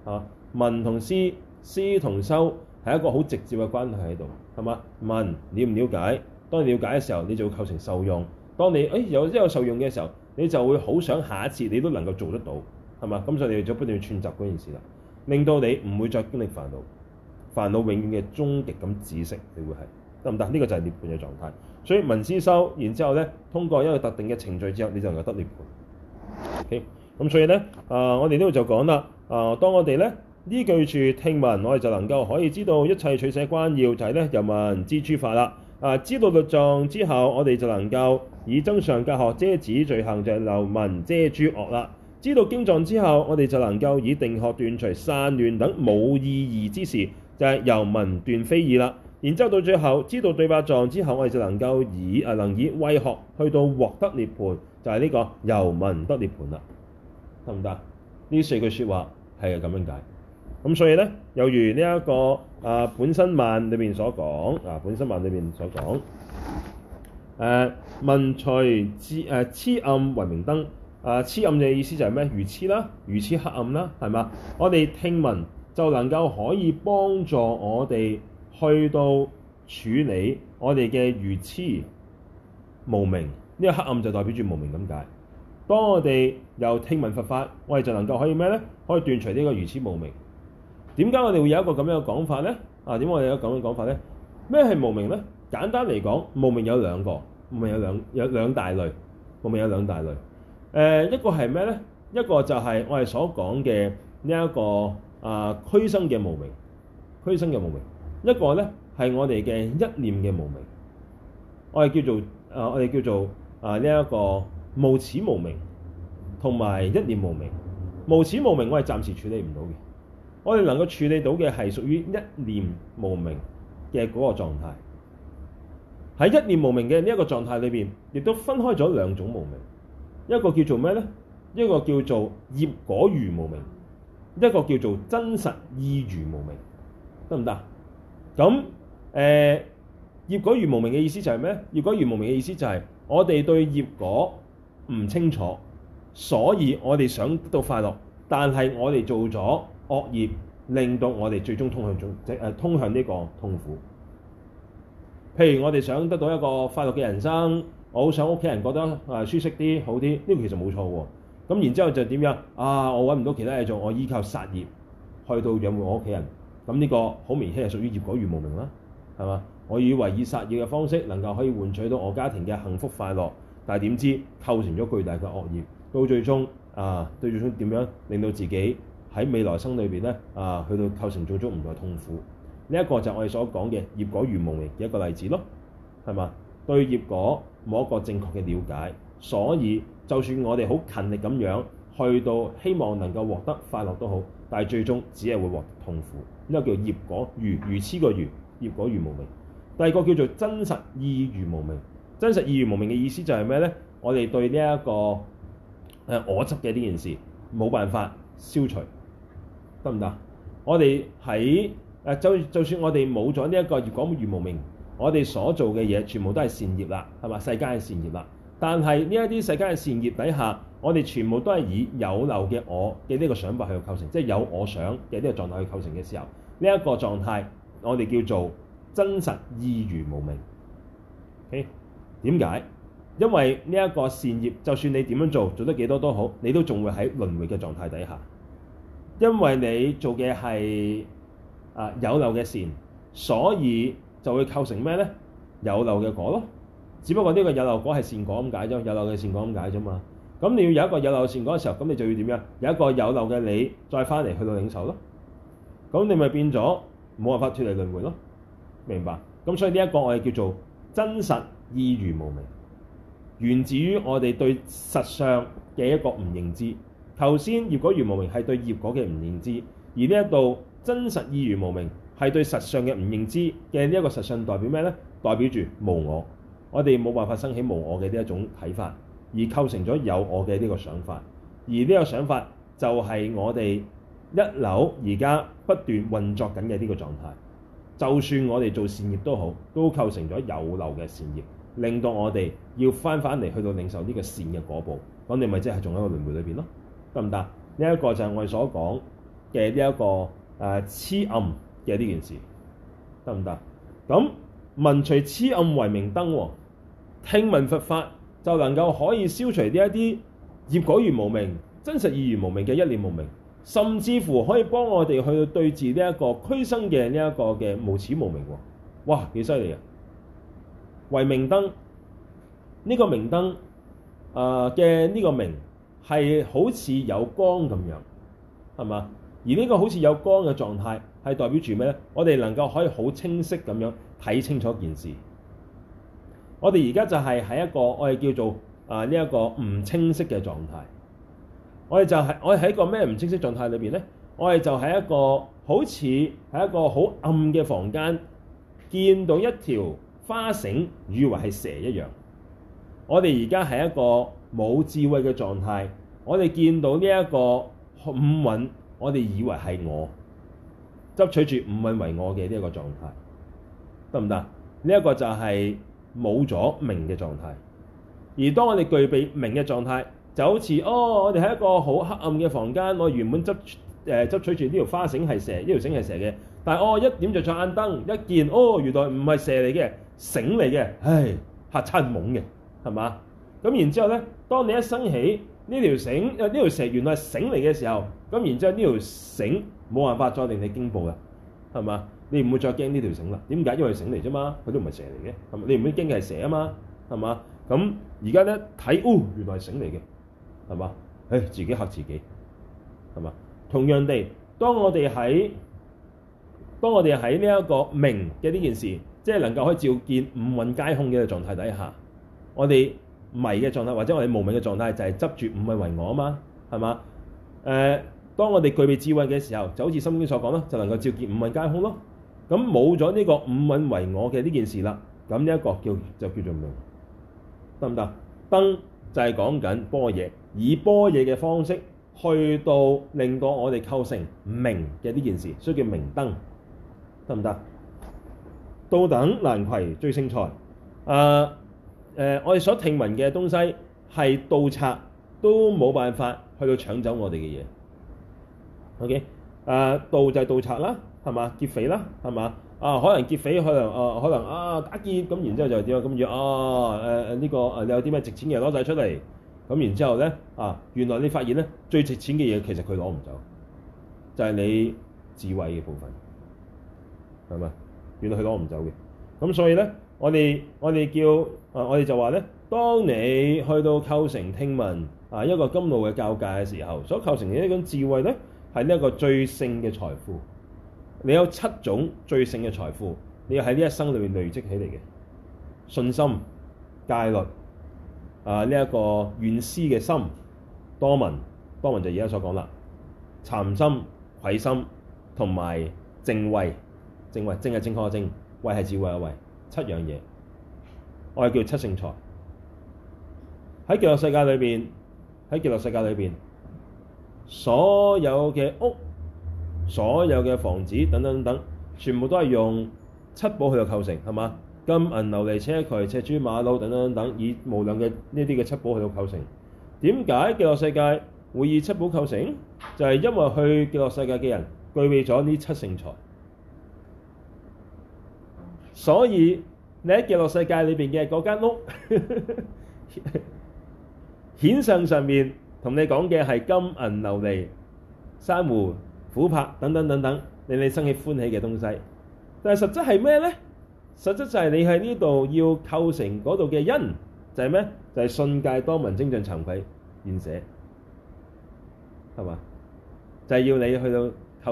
嚇、啊，聞同思，思同修，係一個好直接嘅關係喺度，係嘛？聞了唔了解？當你了解嘅時候，你就會構成受用；當你誒、哎、有因為受用嘅時候，你就會好想下一次你都能夠做得到，係嘛？咁所以你就不斷去串習嗰件事啦，令到你唔會再經歷煩惱，煩惱永遠嘅終極咁止息，你會係得唔得？呢、這個就係涅槃嘅狀態。所以聞思修，然之後呢，通過一個特定嘅程序之後，你就能夠得涅槃。咁、okay. 所以呢，啊、呃，我哋呢度就講啦，啊、呃，當我哋呢，依據住聽聞，我哋就能夠可以知道一切取捨關要，就係、是、呢：由諸「由聞知諸法啦。啊，知道律藏之後，我哋就能夠以增上戒學遮止罪行，就係由聞遮諸惡啦。知道經藏之後，我哋就能夠以定學斷除散亂等冇意義之事，就係、是、由聞斷非義啦。然之後到最後知道對法藏之後，我哋就能夠以啊能以慧學去到獲得涅槃，就係、是、呢、這個由聞得涅槃啦，得唔得？呢四句説話係啊咁樣解咁。所以呢，又如呢一個啊、呃、本生鬘裏面所講，啊本生鬘裏面所講誒聞除痴誒痴、痴暗為明燈啊，痴暗嘅意思就係咩？愚痴啦，愚痴黑暗啦，係嘛？我哋聽聞就能夠可以幫助我哋。去到處理我哋嘅愚痴無明，呢、這個黑暗就代表住無明。咁解。當我哋又聽聞佛法，我哋就能夠可以咩咧？可以斷除呢個愚痴無明。點解我哋會有一個咁樣嘅講法咧？啊，點解我哋有咁樣講法咧？咩係無明咧？簡單嚟講，無明有兩個，無明有兩有兩大類，無明有兩大類。誒、呃，一個係咩咧？一個就係我哋所講嘅呢一個啊，俱生嘅無明。俱生嘅無明。一個咧係我哋嘅一念嘅無明，我哋叫做啊、呃，我哋叫做啊呢一個「無始無明」。同埋「一念無明」。「無始無明」我係暫時處理唔到嘅，我哋能夠處理到嘅係屬於「一念無明」嘅嗰個狀態。喺「一念無明」嘅呢一個狀態裏邊，亦都分開咗兩種「無明」：一個叫做咩咧？一個叫做「業果如無明」；一個叫做「真實意如無明」行行。得唔得啊？咁誒，業、呃、果如無明嘅意思就係咩？業果如無明嘅意思就係我哋對業果唔清楚，所以我哋想得到快樂，但係我哋做咗惡業，令到我哋最終通向終即係通向呢個痛苦。譬如我哋想得到一個快樂嘅人生，我好想屋企人覺得誒舒適啲好啲，呢、這個其實冇錯喎。咁然之後就點樣啊？我揾唔到其他嘢做，我依靠殺業去到養活我屋企人。咁、這、呢個好明顯係屬於業果愚無明啦，係嘛？我以為以殺業嘅方式能夠可以換取到我家庭嘅幸福快樂，但係點知構成咗巨大嘅惡業，到最終啊，對最終點樣令到自己喺未來生裏面咧啊，去到構成最終唔再痛苦。呢、這、一個就係我哋所講嘅業果愚無明嘅一個例子咯，係嘛？對業果冇一個正確嘅了解，所以就算我哋好勤力咁樣去到，希望能夠獲得快樂都好。但係最終只係會獲得痛苦，呢個叫做業果如如痴個如，業果如無明。第二個叫做真實義如無明。真實義如無明嘅意思就係咩咧？我哋對呢、這、一個誒、呃、我執嘅呢件事冇辦法消除，得唔得？我哋喺誒就就算我哋冇咗呢一個業果如無明，我哋所做嘅嘢全部都係善業啦，係嘛？世間嘅善業啦，但係呢一啲世間嘅善業底下。我哋全部都係以有漏嘅我嘅呢個想法去構成，即係有我想嘅呢個狀態去構成嘅時候，呢一個狀態我哋叫做真實義愚無明。Okay? 點解？因為呢一個善業，就算你點樣做，做得幾多都好，你都仲會喺輪迴嘅狀態底下，因為你做嘅係啊有漏嘅善，所以就會構成咩呢？有漏嘅果咯。只不過呢個有漏果係善果咁解啫，有漏嘅善果咁解啫嘛。咁你要有一個有漏線嗰時候，咁你就要點樣？有一個有漏嘅你再翻嚟去到領受咯。咁你咪變咗冇辦法脱離輪迴咯。明白？咁所以呢一個我哋叫做真實意如無明，源自於我哋對實相嘅一個唔認知。頭先業果如無明係對業果嘅唔認知，而呢一度真實意如無明係對實相嘅唔認知嘅呢一個實相代表咩咧？代表住無我。我哋冇辦法生起無我嘅呢一種睇法。而構成咗有我嘅呢個想法，而呢個想法就係我哋一樓而家不斷運作緊嘅呢個狀態。就算我哋做善業都好，都構成咗有漏嘅善業，令到我哋要翻返嚟去到領受呢個善嘅果報。咁你咪即係仲喺個輪迴裏邊咯，得唔得？呢、這、一個就係我哋所講嘅呢一個誒癡、啊、暗嘅呢件事，得唔得？咁聞除癡暗為明燈、哦，聽聞佛法。就能夠可以消除呢一啲業果如無明、真實義如無明嘅一念無明，甚至乎可以幫我哋去對治呢一個虛生嘅呢一個嘅無始無明喎。哇，幾犀利啊！為明燈呢、這個明燈啊嘅呢個明係好似有光咁樣，係嘛？而呢個好似有光嘅狀態係代表住咩咧？我哋能夠可以好清晰咁樣睇清楚件事。我哋而家就係喺一個我哋叫做啊呢一個唔清晰嘅狀態。我哋就係我喺個咩唔清晰狀態裏邊咧？我哋就喺一個好似喺一個好暗嘅房間，見到一條花繩，以為係蛇一樣。我哋而家係一個冇智慧嘅狀態。我哋見到呢一個五蘊，我哋以為係我，執取住五蘊為我嘅呢一個狀態，得唔得？呢一個就係。冇咗明嘅狀態，而當我哋具備明嘅狀態，就好似哦，我哋喺一個好黑暗嘅房間，我原本執誒執取住呢條花繩係蛇，呢條繩係蛇嘅，但係哦一點就搶眼燈，一見哦原來唔係蛇嚟嘅，繩嚟嘅，唉，嚇親懵嘅，係嘛？咁然之後咧，當你一生起呢條繩，誒呢條蛇原來係繩嚟嘅時候，咁然之後呢條繩冇辦法再令你驚怖嘅，係嘛？你唔會再驚呢條繩啦？點解？因為係繩嚟啫嘛，佢都唔係蛇嚟嘅，係咪？你唔會驚嘅係蛇啊嘛，係嘛？咁而家咧睇，哦，原來係繩嚟嘅，係嘛？誒，自己嚇自己，係嘛？同樣地，當我哋喺當我哋喺呢一個明嘅呢件事，即係能夠可以照見五運皆空嘅狀態底下，我哋迷嘅狀態，或者我哋無明嘅狀態，就係執住五運為我啊嘛，係嘛？誒，呃，當我哋具備智慧嘅時候，就好似心經所講啦，就能夠照見五運皆空咯。咁冇咗呢個五蘊為我嘅呢件事啦，咁呢一個叫就叫做明，得唔得？燈就係講緊般若，以般若嘅方式去到令到我哋構成明嘅呢件事，所以叫明燈，得唔得？盜等難攜最勝財，呃呃，我哋所聽聞嘅東西係盜賊都冇辦法去到搶走我哋嘅嘢。OK，誒盜就係盜賊啦。係嘛劫匪啦，係嘛啊？可能劫匪，可能啊、呃，可能啊打劫咁，然之後就點啊？咁樣啊誒呢個啊你有啲咩值錢嘅攞晒出嚟咁，然之後咧啊，原來你發現咧最值錢嘅嘢其實佢攞唔走，就係、是、你智慧嘅部分係咪？原來佢攞唔走嘅，咁，所以咧我哋我哋叫啊，我哋就話咧，當你去到構成聽聞啊一個金路嘅教界嘅時候，所構成嘅一種智慧咧，係呢一個最勝嘅財富。你有七種最勝嘅財富，你要喺呢一生裏面累積起嚟嘅信心、戒律啊，呢、呃、一、這個怨思嘅心、多聞、多聞就而家所講啦，慚心、愧心同埋正慧。正慧正係正確嘅正，慧係智慧嘅慧，七樣嘢我哋叫七勝財，喺極樂世界裏邊，喺極樂世界裏邊所有嘅屋。所有嘅房子等，等等等，全部都係用七寶去到構成，係嘛？金銀琉璃硨磲、赤珠瑪瑙等等等等，以無量嘅呢啲嘅七寶去到構成。點解《極樂世界》會以七寶構成？就係、是、因為去《極樂世界》嘅人具備咗呢七聖財。所以你喺《極樂世界》裏邊嘅嗰間屋， 顯相上面同你講嘅係金銀琉璃珊瑚。琥珀等等等等，令你生起歡喜嘅東西，但係實質係咩咧？實質就係你喺呢度要構成嗰度嘅因，就係咩？就係信戒多聞精進慚愧願捨，係嘛？就係要你去到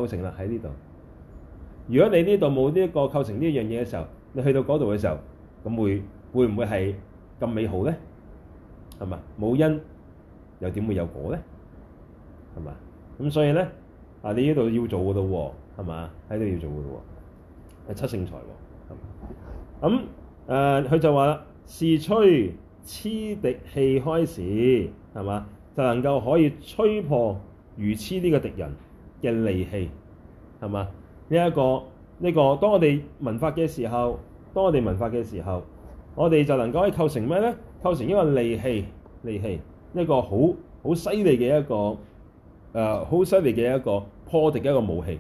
構成啦喺呢度。如果你呢度冇呢一個構成呢一樣嘢嘅時候，你去到嗰度嘅時候，咁會會唔會係咁美好咧？係嘛？冇因又點會有果咧？係嘛？咁所以咧？嗱、啊，你呢度要做嘅咯喎，係嘛？喺度要做嘅咯喎，係、啊、七聖財喎。咁誒，佢就話啦：是、嗯呃、吹痴敵氣開時，係嘛？就能夠可以吹破如痴呢個敵人嘅利器，係嘛？呢、這、一個呢、這個，當我哋文法嘅時候，當我哋聞法嘅時候，我哋就能夠可以構成咩咧？構成一個利器，利器，一、這個好好犀利嘅一個，誒、呃，好犀利嘅一個。破敵嘅一個武器。誒、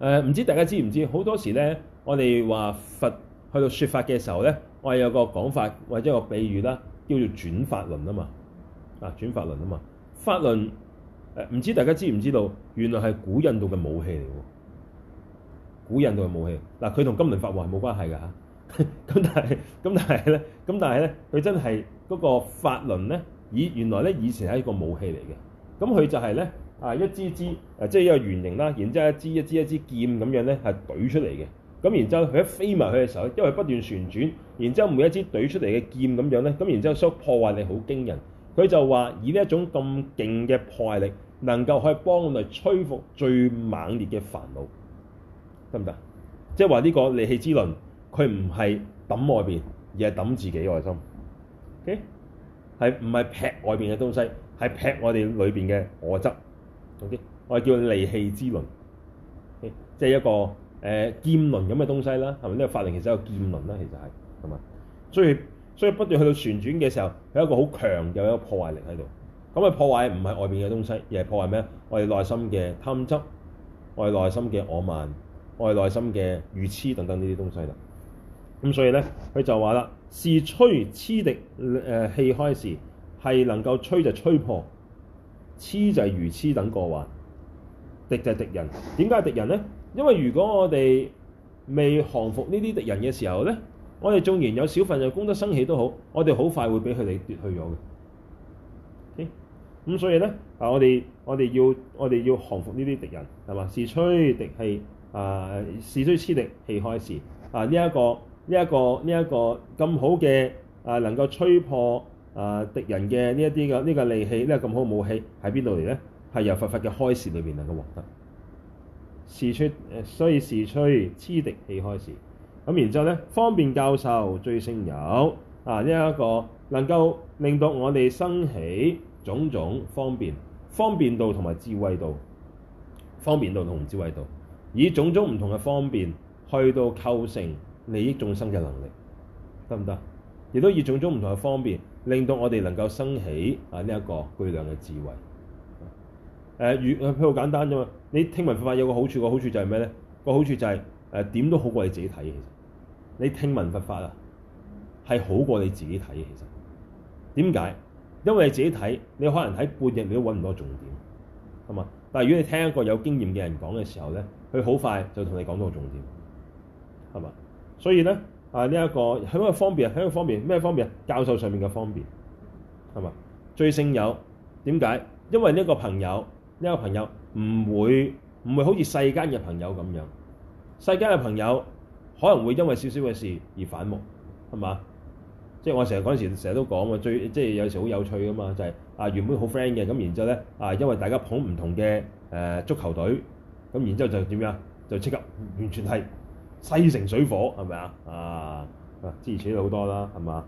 呃，唔知大家知唔知？好多時咧，我哋話佛去到説法嘅時候咧，我係有一個講法或者一個比喻啦，叫做轉法輪啊嘛。啊，轉法輪啊嘛，法輪誒，唔、呃、知大家知唔知道？原來係古印度嘅武器嚟喎。古印度嘅武器嗱，佢、呃、同金輪法王係冇關係㗎嚇。咁、啊、但係，咁但係咧，咁但係咧，佢真係嗰個法輪咧，以原來咧以前係一個武器嚟嘅。咁佢就係咧。啊！一支支啊，即係一個圓形啦，然之後一支一支一支劍咁樣咧，係懟出嚟嘅。咁然之後佢一飛埋去嘅時候，因為不斷旋轉，然之後每一支懟出嚟嘅劍咁樣咧，咁然之後所破壞力好驚人。佢就話以呢一種咁勁嘅破壞力，能夠去以幫我哋摧伏最猛烈嘅煩惱，得唔得？即係話呢個利器之輪，佢唔係揼外邊，而係揼自己內心。誒，係唔係劈外邊嘅東西，係劈我哋裏邊嘅我執。總之，我哋叫利器之輪，即係一個誒、呃、劍輪咁嘅東西啦，係咪？呢、這、為、個、法輪其實係劍輪啦，其實係，係咪？所以，所以不斷去到旋轉嘅時候，係一個好強嘅一個破壞力喺度。咁啊，破壞唔係外邊嘅東西，而係破壞咩？我哋內心嘅貪執，我哋內心嘅我慢，我哋內心嘅愚痴等等呢啲東西啦。咁所以咧，佢就話啦：是摧癡敝誒轟、呃、開示，係能夠吹就吹破。痴，就係愚痴等過患，敵就係敵人。點解係敵人咧？因為如果我哋未降服呢啲敵人嘅時候咧，我哋縱然有小份嘅功德生起都好，我哋好快會俾佢哋奪去咗嘅。咁、okay? 嗯、所以咧，啊，我哋我哋要我哋要降服呢啲敵人，係嘛？是摧敵器啊，是摧痴敵器開示啊。呢、這、一個呢一、這個呢一、這個咁好嘅啊，能夠吹破。啊！敵人嘅呢一啲嘅呢個利器，呢個咁好武器喺邊度嚟咧？係由佛佛嘅開示裏面能夠獲得事出，所以示出痴敵棄開示咁、啊。然之後咧，方便教授最勝友。啊，呢一個能夠令到我哋生起種種方便、方便度同埋智慧度、方便度同智慧度，以種種唔同嘅方便去到構成利益眾生嘅能力，得唔得？亦都以種種唔同嘅方便，令到我哋能夠生起啊呢一個巨量嘅智慧。誒越誒，比較簡單啫嘛。你聽聞佛法有個好處，個好處就係咩咧？個好處就係誒點都好過你自己睇嘅其實。你聽聞佛法啊，係好過你自己睇嘅。其實點解？因為你自己睇，你可能喺半日你都揾唔到重點，係嘛？但係如果你聽一個有經驗嘅人講嘅時候咧，佢好快就同你講到重點，係嘛？所以咧。啊！呢、這、一個喺咩方便啊，喺一方便咩方便啊？教授上面嘅方便係嘛？最勝友點解？因為呢個朋友，呢、這個朋友唔會唔會好似世間嘅朋友咁樣。世間嘅朋友可能會因為少少嘅事而反目，係嘛、就是？即係我成日嗰陣時成日都講啊，最即係有時好有趣噶嘛，就係、是、啊原本好 friend 嘅咁，然之後咧啊，因為大家捧唔同嘅、呃、足球隊，咁然之後就點樣？就即刻完全係。西城水火係咪啊？啊，支持咗好多啦，係嘛？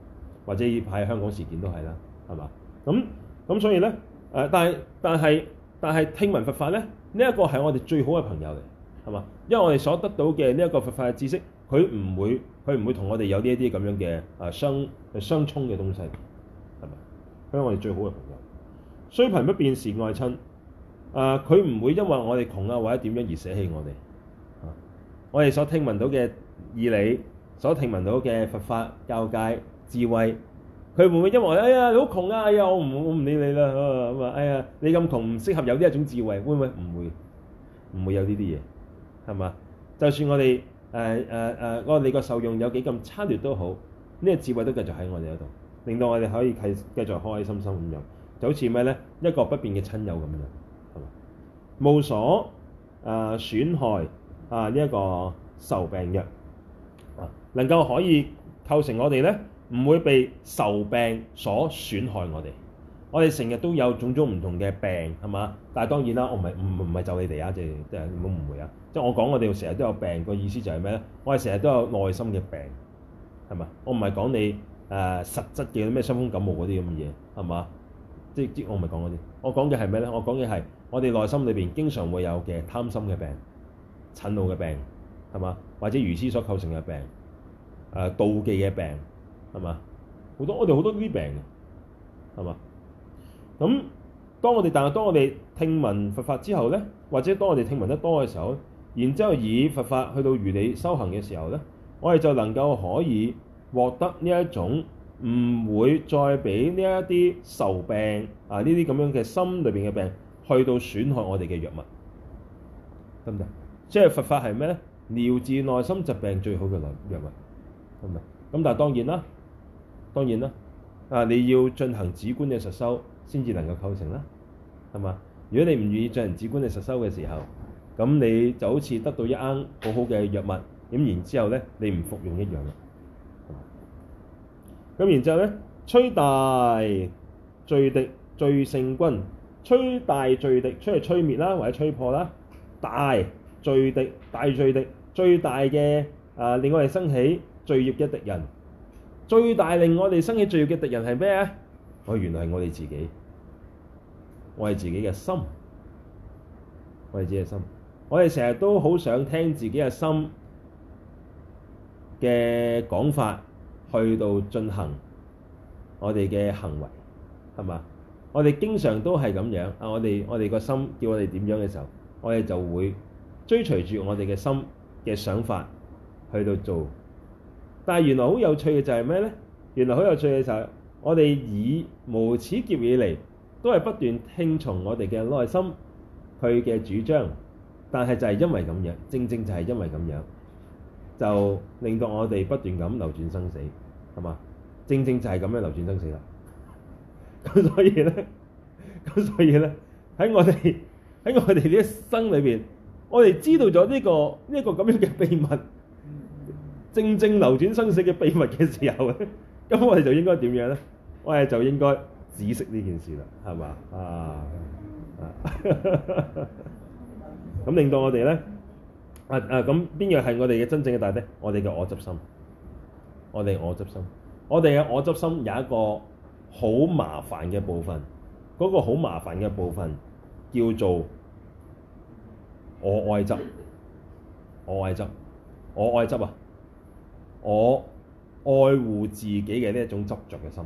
或者呢排香港事件都係啦，係嘛？咁咁所以咧、呃，但係但係但係，聽聞佛法咧，呢、這、一個係我哋最好嘅朋友嚟，係嘛？因為我哋所得到嘅呢一個佛法嘅知識，佢唔會佢唔會同我哋有呢一啲咁樣嘅誒、啊、相相衝嘅東西，係咪？係我哋最好嘅朋友。雖貧不變是愛親，誒、啊，佢唔會因為我哋窮啊或者點樣而捨棄我哋。我哋所聽聞到嘅義理，所聽聞到嘅佛法教誡智慧，佢會唔會因為哎呀你好窮啊，哎呀我唔我唔理你啦，咁啊哎呀你咁窮唔適合有呢一種智慧，會唔會唔會唔會有呢啲嘢，係嘛？就算我哋誒誒誒，我哋個受用有幾咁差劣都好，呢、這個智慧都繼續喺我哋嗰度，令到我哋可以繼繼續開開心心咁樣，就好似咩咧，一個不變嘅親友咁樣，冇所誒損、呃、害。啊！呢、這、一個愁病藥啊，能夠可以構成我哋咧，唔會被愁病所損害我哋。我哋成日都有種種唔同嘅病，係嘛？但係當然啦，我唔係唔唔係就你哋啊，即係即係唔好誤會啊。即係我講我哋成日都有病個意思就係咩咧？我哋成日都有內心嘅病，係嘛？我唔係講你誒、呃、實質嘅咩傷風感冒嗰啲咁嘅嘢，係嘛？即即我唔係講嗰啲，我講嘅係咩咧？我講嘅係我哋內心裏邊經常會有嘅貪心嘅病。診怒嘅病係嘛？或者愚痴所構成嘅病，誒、呃、妒忌嘅病係嘛？好多我哋好多呢啲病係嘛？咁當我哋，但係當我哋聽聞佛法之後咧，或者當我哋聽聞得多嘅時候，然之後以佛法去到如理修行嘅時候咧，我哋就能夠可以獲得呢一種唔會再俾呢一啲愁病啊呢啲咁樣嘅心裏邊嘅病去到損害我哋嘅藥物得唔得？即係佛法係咩咧？療治內心疾病最好嘅藥物，係咪？咁但係當然啦，當然啦，啊你要進行止觀嘅實修先至能夠構成啦，係嘛？如果你唔願意進行止觀嘅實修嘅時候，咁你就好似得到一盎好好嘅藥物，咁然之後咧，你唔服用一樣嘅。咁然之後咧，摧大罪敵最勝軍，摧大罪敵，即係摧滅啦，或者摧破啦，大。最敵大最敵最大嘅啊，令我哋生起罪孽嘅敵人，最大令我哋生起罪孽嘅敵人係咩啊？我、哦、原來係我哋自己，我係自己嘅心，我哋自己嘅心。我哋成日都好想聽自己嘅心嘅講法，去到進行我哋嘅行為，係嘛？我哋經常都係咁樣啊！我哋我哋個心叫我哋點樣嘅時候，我哋就會。追隨住我哋嘅心嘅想法去到做，但係原來好有趣嘅就係咩呢？原來好有趣嘅就係我哋以無始劫以嚟都係不斷聽從我哋嘅內心佢嘅主張，但係就係因為咁樣，正正就係因為咁樣，就令到我哋不斷咁流轉生死，係嘛？正正就係咁樣流轉生死啦。咁所以呢？咁所以呢？喺我哋喺我哋呢一生裏面。我哋知道咗呢、這個呢、這個咁樣嘅秘密，正正流轉生死嘅秘密嘅時候咧，咁我哋就應該點樣咧？我哋就應該止息呢件事啦，係嘛？啊咁令到我哋咧，啊啊咁邊樣係我哋嘅真正嘅大敵？我哋嘅我執心，我哋我執心，我哋嘅我執心有一個好麻煩嘅部分，嗰、那個好麻煩嘅部分叫做。我愛執，我愛執，我愛執啊！我愛護自己嘅呢一種執着嘅心，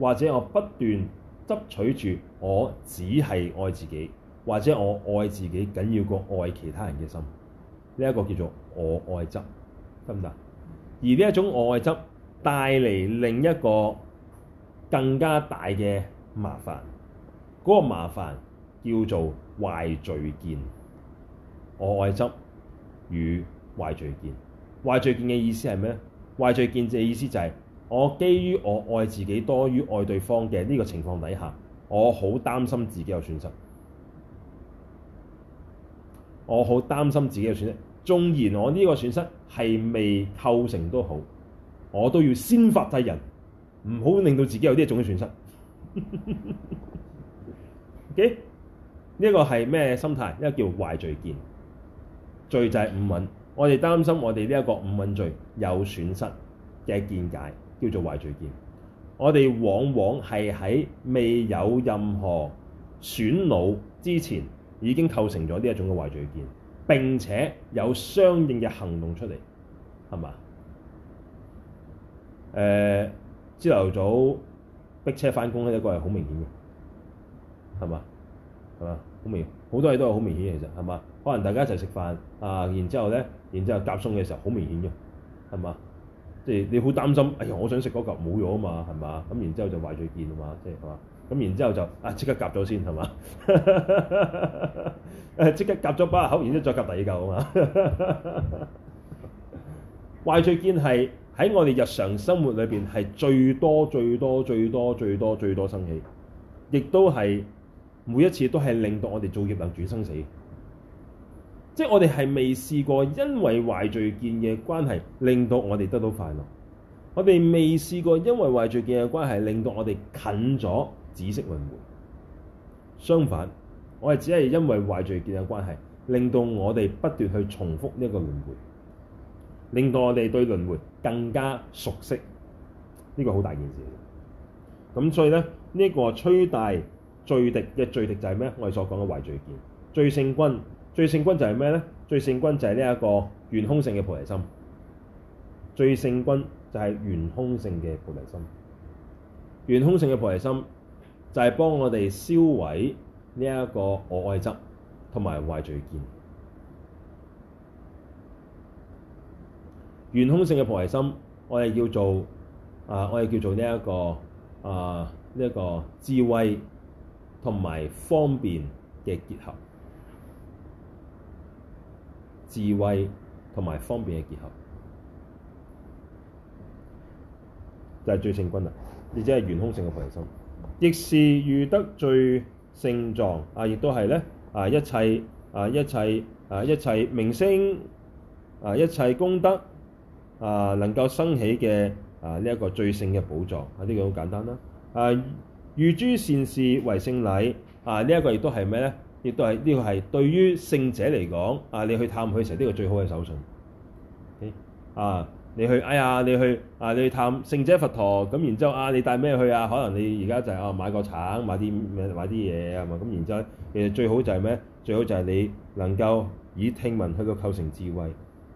或者我不斷執取住我只係愛自己，或者我愛自己緊要過愛其他人嘅心，呢一個叫做我愛執，得唔得？而呢一種我愛執帶嚟另一個更加大嘅麻煩，嗰個麻煩叫做壞罪見。我愛執與壞罪見，壞罪見嘅意思係咩咧？壞罪見嘅意思就係、是、我基於我愛自己多於愛對方嘅呢個情況底下，我好擔心自己有損失，我好擔心自己有損失。縱然我呢個損失係未構成都好，我都要先發制人，唔好令到自己有啲嘅種嘅損失。 OK，呢一個係咩心態？呢、這個叫壞罪見。罪就係五蘊，我哋擔心我哋呢一個五蘊聚有損失嘅見解，叫做壞聚見。我哋往往係喺未有任何損 loss 之前，已經構成咗呢一種嘅壞聚見，並且有相應嘅行動出嚟，係嘛？誒、呃，朝頭早逼車翻工呢一個係好明顯嘅，係嘛？係嘛？好明顯。好多嘢都係好明顯嘅，其實係嘛？可能大家一齊食飯啊，然之後咧，然之後夾餸嘅時候好明顯嘅，係嘛？即係你好擔心，哎呀，我想食嗰嚿冇咗啊嘛，係嘛？咁然之後就壞聚見啊嘛，即係話，咁然之後就啊即刻夾咗先係嘛？誒即刻夾咗把口，然之後再夾第二嚿啊嘛？壞聚 見係喺我哋日常生活裏邊係最多最多最多最多最多生起，亦都係。每一次都係令到我哋造業流轉生死，即係我哋係未試過因為壞罪見嘅關係，令到我哋得到快樂。我哋未試過因為壞罪見嘅關係，令到我哋近咗紫色輪迴。相反，我哋只係因為壞罪見嘅關係，令到我哋不斷去重複呢一個輪迴，令到我哋對輪迴更加熟悉。呢個好大件事。咁所以咧，呢個摧大。最敵嘅最敵就係咩？我哋所講嘅壞罪見最勝軍，最勝軍就係咩咧？最勝軍就係呢一個圓空性嘅菩提心。最勝軍就係圓空性嘅菩提心。圓空性嘅菩提心就係幫我哋銷毀呢一個我愛執同埋壞罪見。圓空性嘅菩提心我、呃，我哋叫做啊、呢個，我哋叫做呢一個啊，呢、呢、一個智慧，同埋方便嘅結合，智慧同埋方便嘅結合，就係最勝軍啦，亦即係圓空性嘅菩提心，亦是譽德最勝藏啊！亦都係咧啊，一切啊，一切啊，一切明星啊，一切功德啊，能夠生起嘅啊呢一個最勝嘅寶藏啊，呢個好簡單啦啊！遇諸善士為勝禮啊！這個、也是什麼呢一個亦都係咩咧？亦都係呢個係對於聖者嚟講啊，你去探佢時候，呢、這個最好嘅手信、okay? 啊哎。啊，你去哎呀，你去啊，你去探聖者佛陀咁，然之後啊，你帶咩去啊？可能你而家就係、是、啊，買個橙，買啲咩，買啲嘢啊嘛。咁然之後咧，其實最好就係咩？最好就係你能夠以聽聞去到構成智慧，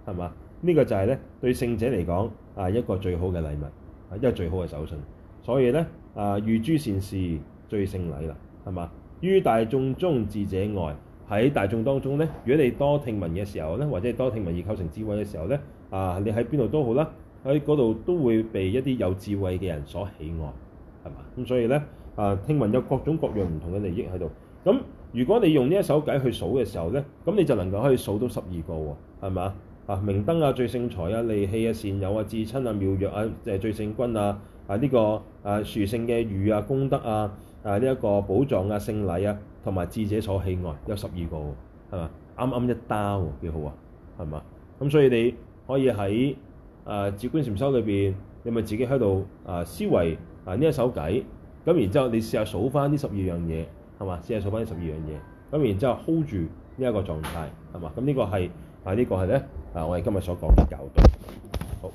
係嘛？呢、這個就係咧對聖者嚟講啊，一個最好嘅禮物，一個最好嘅手信。所以咧。啊！遇諸善士，最勝禮啦，係嘛？於大眾中智者愛，喺大眾當中咧，如果你多聽聞嘅時候咧，或者多聽聞而構成智慧嘅時候咧，啊！你喺邊度都好啦，喺嗰度都會被一啲有智慧嘅人所喜愛，係嘛？咁所以咧，啊！聽聞有各種各樣唔同嘅利益喺度。咁如果你用呢一首偈去數嘅時候咧，咁你就能夠可以數到十二個喎、哦，係嘛？啊！明燈啊，最勝財啊，利器啊，善友啊，至親啊，妙藥啊，誒最勝君啊。啊！呢個啊，殊勝嘅譽啊、功德啊，啊呢一個寶藏啊、勝禮啊，同埋智者所喜愛，有十二個喎，係嘛？啱啱一打喎，幾好啊，係嘛？咁所以你可以喺，啊自觀禪修裏邊，你咪自己喺度啊思維啊，呢一首偈，咁然之後你試下數翻呢十二樣嘢，係嘛？試下數翻呢十二樣嘢，咁然之後 hold 住呢一個狀態，係嘛？咁呢個係啊，呢個係咧，啊我哋今日所講嘅教導。好。